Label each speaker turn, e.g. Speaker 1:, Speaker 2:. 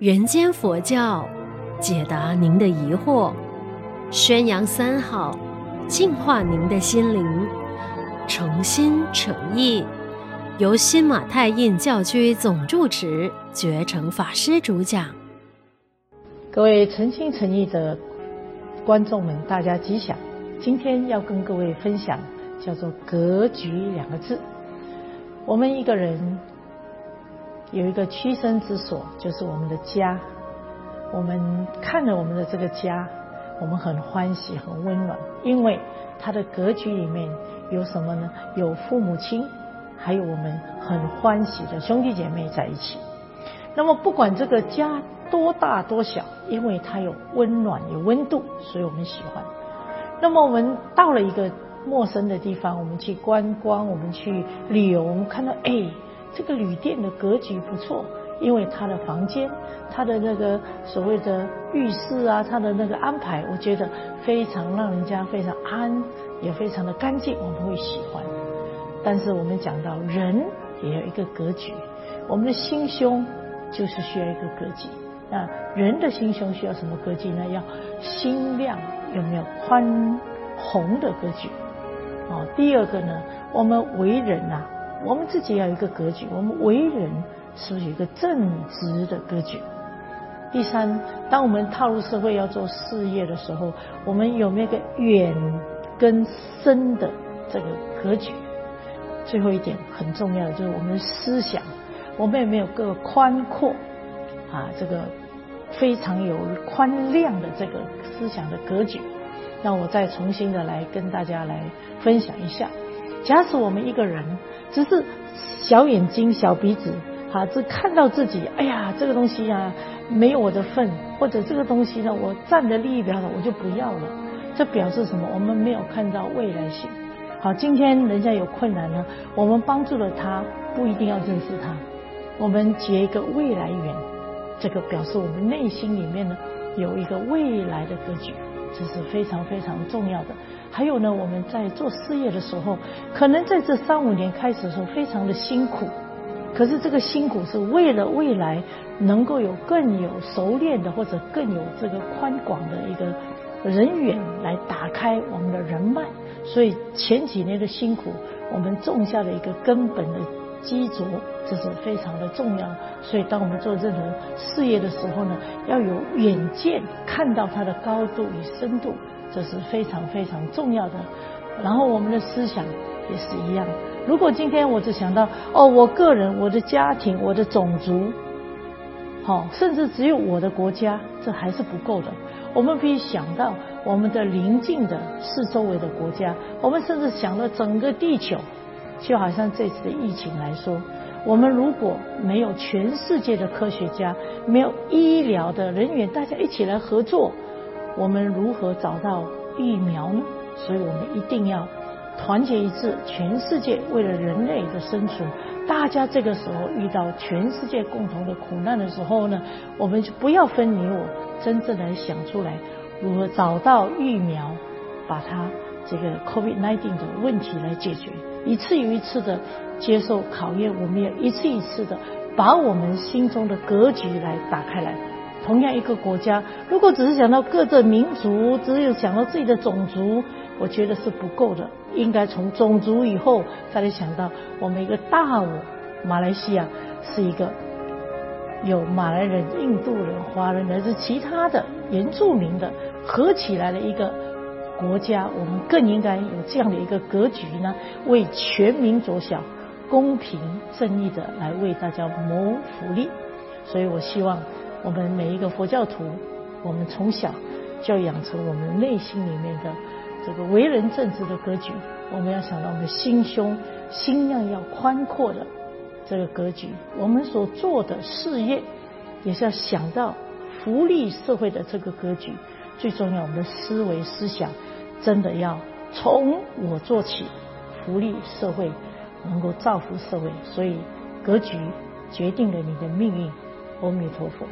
Speaker 1: 人間佛教，解答您的疑惑，宣揚三好，淨化您的心靈，誠心誠意，由新馬泰印教區總住持覺誠法師主講。各位誠心誠意的觀眾們，大家吉祥。今天要跟各位分享，叫做“格局”兩個字。我們一個人，有一個棲身之所，就是我們的家。我們看着我們的這個家，我們很歡喜，很溫暖，因為它的格局裡面有什麼呢？有父母親，還有我們很歡喜的兄弟姐妹在一起。那麼不管這個家多大多小，因為它有溫暖，有溫度，所以我們喜歡。那麼我們到了一個陌生的地方，我們去觀光，我們去旅遊，我們看到哎，這個旅店的格局不錯，因為它的房間、它的那個所謂的浴室啊，它的那個安排，我覺得非常讓人家非常安，也非常的乾淨，我們會喜歡。但是我們講到人也有一個格局，我們的心胸就是需要一個格局。那人的心胸需要什麼格局呢？要心量有沒有寬宏的格局？哦，第二個呢，我們為人啊。我們自己要有一個格局，我們為人是不是有一個正直的格局？第三，當我們踏入社會要做事業的時候，我們有沒有個遠跟深的這個格局？最後一點很重要的就是我們思想，我們有沒有個寬闊啊，這個非常有寬量的這個思想的格局？那我再重新的來跟大家來分享一下。假使我們一個人只是小眼睛、小鼻子，哈，只看到自己，哎呀，這個東西呀、啊，沒有我的份，或者這個東西呢，我佔的利益比較少，我就不要了。這表示什麼？我們沒有看到未來性。好，今天人家有困難呢，我們幫助了他，不一定要認識他，我們結一個未來緣。這個表示我們內心裡面呢，有一個未來的格局。這是非常非常重要的。還有呢，我們在做事業的時候，可能在這三五年開始的時候非常的辛苦，可是這個辛苦是為了未來能夠有更有熟練的或者更有這個寬廣的一個人緣來打開我們的人脈，所以前幾年的辛苦，我們種下了一個根本的基礎這是非常的重要，所以當我們做任何事業的時候呢，要有遠見，看到它的高度與深度，這是非常非常重要的。然後我們的思想也是一樣，如果今天我只想到哦，我個人、我的家庭、我的種族，好、哦，甚至只有我的國家，這還是不夠的。我們可以想到我們的鄰近的、四周圍的國家，我們甚至想到整個地球。就好像這次的疫情來說，我們如果沒有全世界的科學家，沒有醫療的人員，大家一起來合作，我們如何找到疫苗呢？所以我們一定要團結一致，全世界為了人類的生存，大家這個時候遇到全世界共同的苦難的時候呢，我們就不要分你我，真正來想出來如何找到疫苗，把它這個 COVID-19 的問題來解決。一次又一次的接受考驗，我們也一次一次的把我們心中的格局來打開來。同樣，一個國家如果只是想到各個民族，只有想到自己的種族，我覺得是不夠的。應該從種族以後，再來想到我們一個大我，馬來西亞是一個有馬來人、印度人、華人乃至其他的原住民的合起來的一個。國家，我們更應該有這樣的一個格局呢，為全民着想，公平正義的來為大家謀福利。所以我希望我們每一個佛教徒，我們從小就要養成我們內心裡面的這個為人正直的格局。我們要想到我們心胸、心量要寬闊的這個格局。我們所做的事業，也是要想到福利社會的這個格局。最重要，我們的思維思想真的要從我做起，福利社會，能夠造福社會。所以，格局決定了你的命運。阿彌陀佛。